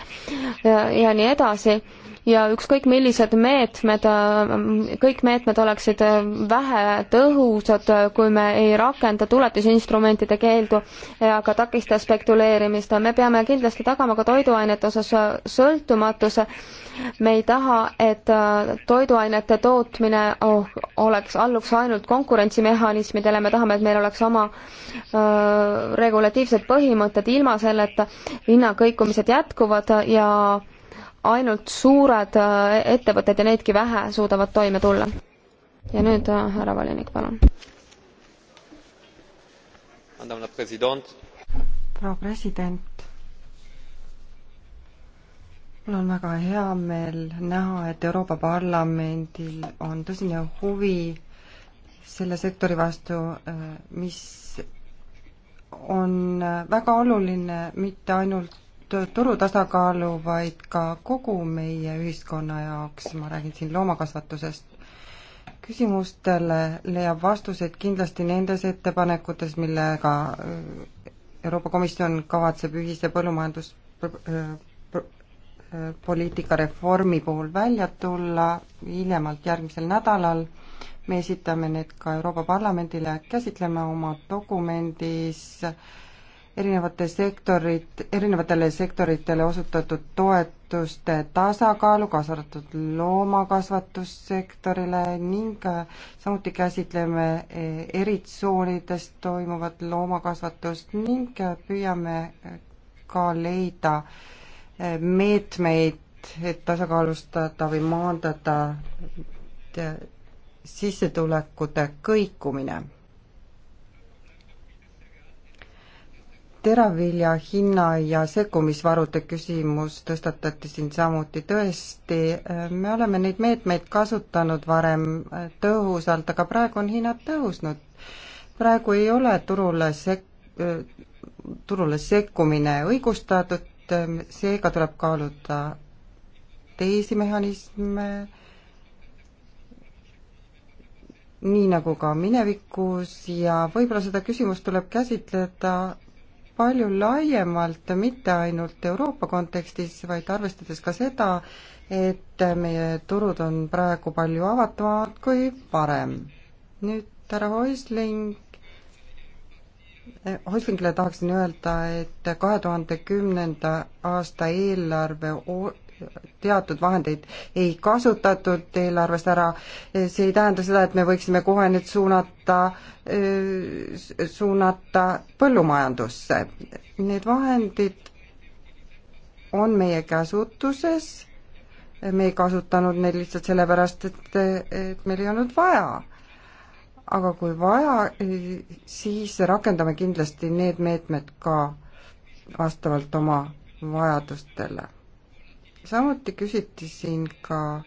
ja, ja nii edasi ja ükskõik millised meetmed, kõik meetmed oleksid vähe tõhusad, kui me ei rakenda tuletisinstrumentide keeldu ja ka takista spekuleerimist. me peame kindlasti tagama ka toiduainete osas sõltumatuse. me ei taha, et toiduainete tootmine oh, oleks, alluks ainult konkurentsimehhanismidele, me tahame, et meil oleks oma öö, regulatiivsed põhimõtted, ilma selleta hinnakõikumised jätkuvad ja ainult suured äh, ettevõtted ja neidki vähe suudavad toime tulla.
ja nüüd äh, härra volinik, palun. proua president, mul on väga hea meel näha, et Euroopa Parlamendil on tõsine huvi selle sektori vastu, äh, mis on väga oluline mitte ainult ainult turu tasakaalu, vaid ka kogu meie ühiskonna jaoks, ma räägin siin loomakasvatusest. küsimustele leiab vastuseid kindlasti nendes ettepanekutes, millega äh, Euroopa Komisjon kavatseb ühise põllumajandus poliitika reformi puhul välja tulla hiljemalt järgmisel nädalal. me esitame need ka Euroopa Parlamendile, käsitleme oma dokumendis äh, erinevate sektorid, erinevatele sektoritele osutatud toetuste tasakaalu, kaasa arvatud loomakasvatussektorile ning äh, samuti käsitleme äh, eritsoonides toimuvat loomakasvatust ning äh, püüame ka leida meetmeid, et tasakaalustada või maandada sissetulekute kõikumine teravilja hinna ja sekkumisvarude küsimus tõstatati siin samuti. tõesti, äh, me oleme neid meetmeid kasutanud varem äh, tõhusalt, aga praegu on hinnad tõusnud. praegu ei ole turule sek-, äh, turule sekkumine õigustatud, seega tuleb kaaluda teisi mehhanisme, nii nagu ka minevikus ja võib-olla seda küsimust tuleb käsitleda palju laiemalt, mitte ainult Euroopa kontekstis, vaid arvestades ka seda, et meie turud on praegu palju avatumad kui varem. nüüd härra Häusling, Häuslingile eh, tahaksin öelda, et kahe tuhande kümnenda aasta eelarve teatud vahendeid ei kasutatud eelarvest ära, see ei tähenda seda, et me võiksime kohe nüüd suunata, äh, suunata põllumajandusse. Need vahendid on meie käsutuses, me ei kasutanud neid lihtsalt sellepärast, et, et meil ei olnud vaja. aga kui vaja, siis rakendame kindlasti need meetmed ka vastavalt oma vajadustele samuti küsiti siin ka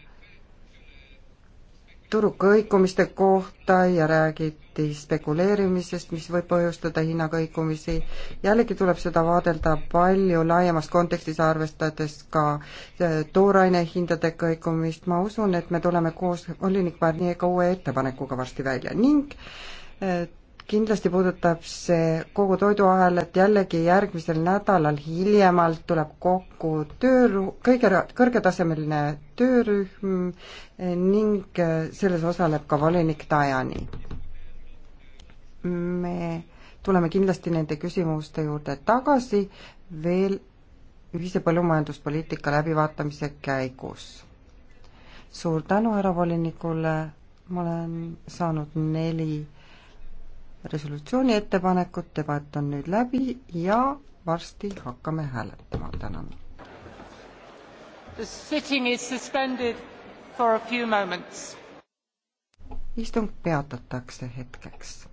turu kõikumiste kohta ja räägiti spekuleerimisest, mis võib põhjustada hinnakõikumisi. jällegi tuleb seda vaadelda palju laiemas kontekstis, arvestades ka äh, tooraine hindade kõikumist. ma usun, et me tuleme koos volinik Barnieriga uue ettepanekuga varsti välja ning äh, kindlasti puudutab see kogu toiduahelat, jällegi järgmisel nädalal hiljemalt tuleb kokku töörühm, kõige, kõrgetasemeline töörühm ning äh, selles osaleb ka volinik Tajani. me tuleme kindlasti nende küsimuste juurde tagasi veel ühise põllumajanduspoliitika läbivaatamise käigus. suur tänu härra volinikule, ma olen saanud neli resolutsiooni ettepanekut, debatt on nüüd läbi ja varsti hakkame hääletama, tänan. istung peatatakse hetkeks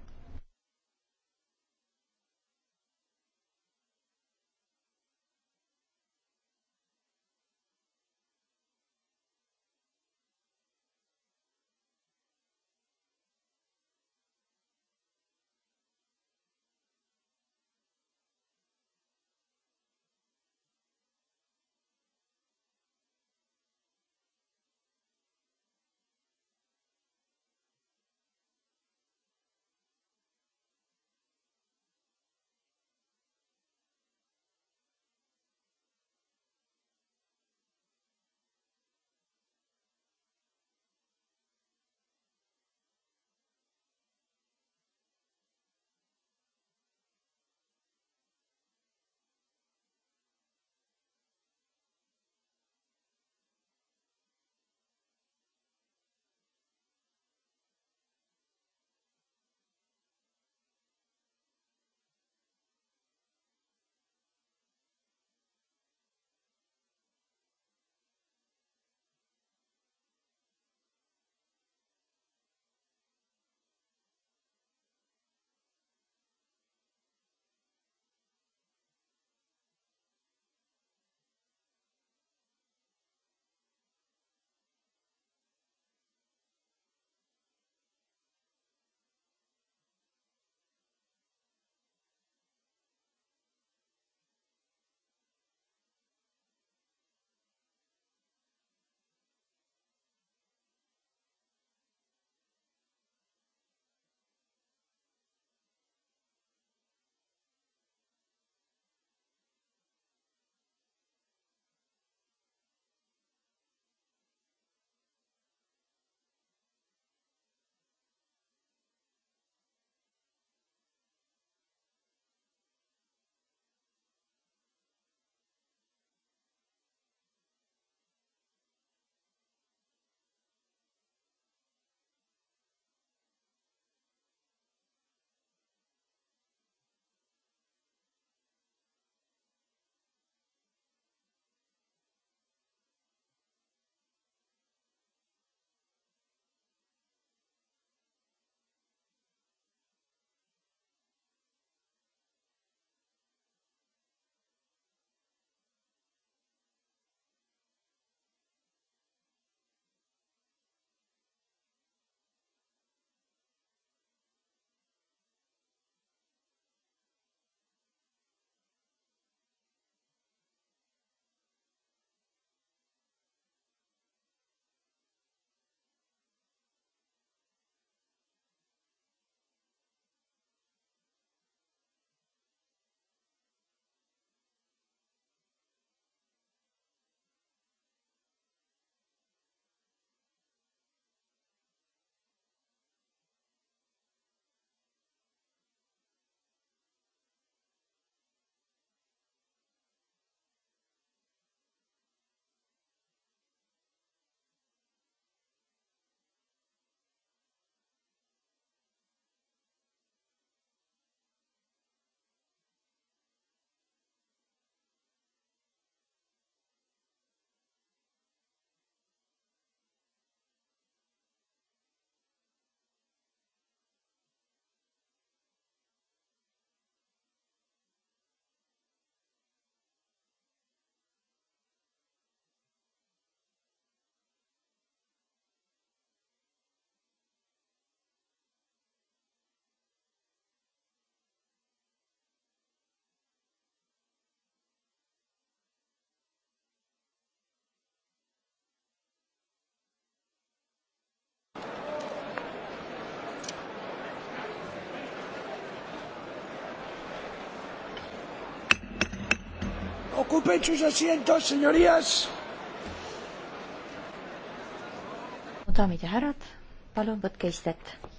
Ocupen sus asientos, señorías.
daamid ja härrad, palun võtke istet